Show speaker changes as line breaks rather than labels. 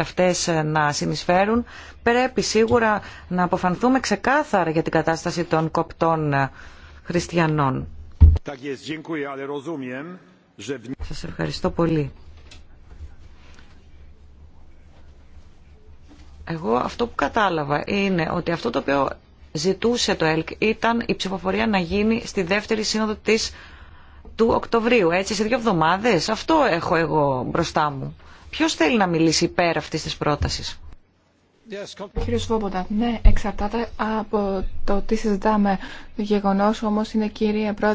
αυτές ε, να συνεισφέρουν, πρέπει σίγουρα να αποφανθούμε ξεκάθαρα για την κατάσταση των κοπτών ε, χριστιανών.
Σας ευχαριστώ
πολύ. Εγώ αυτό που κατάλαβα είναι ότι αυτό το οποίο ζητούσε το ΕΛΚ ήταν η ψηφοφορία να γίνει στη δεύτερη σύνοδο της του Οκτωβρίου, έτσι, σε δύο εβδομάδε. Αυτό έχω εγώ μπροστά μου. Ποιο θέλει να μιλήσει υπέρ αυτή τη πρόταση.
Κύριε Σβόμποτα, ναι, εξαρτάται από
το τι συζητάμε. Το γεγονό όμω είναι, κύριε Πρόεδρε,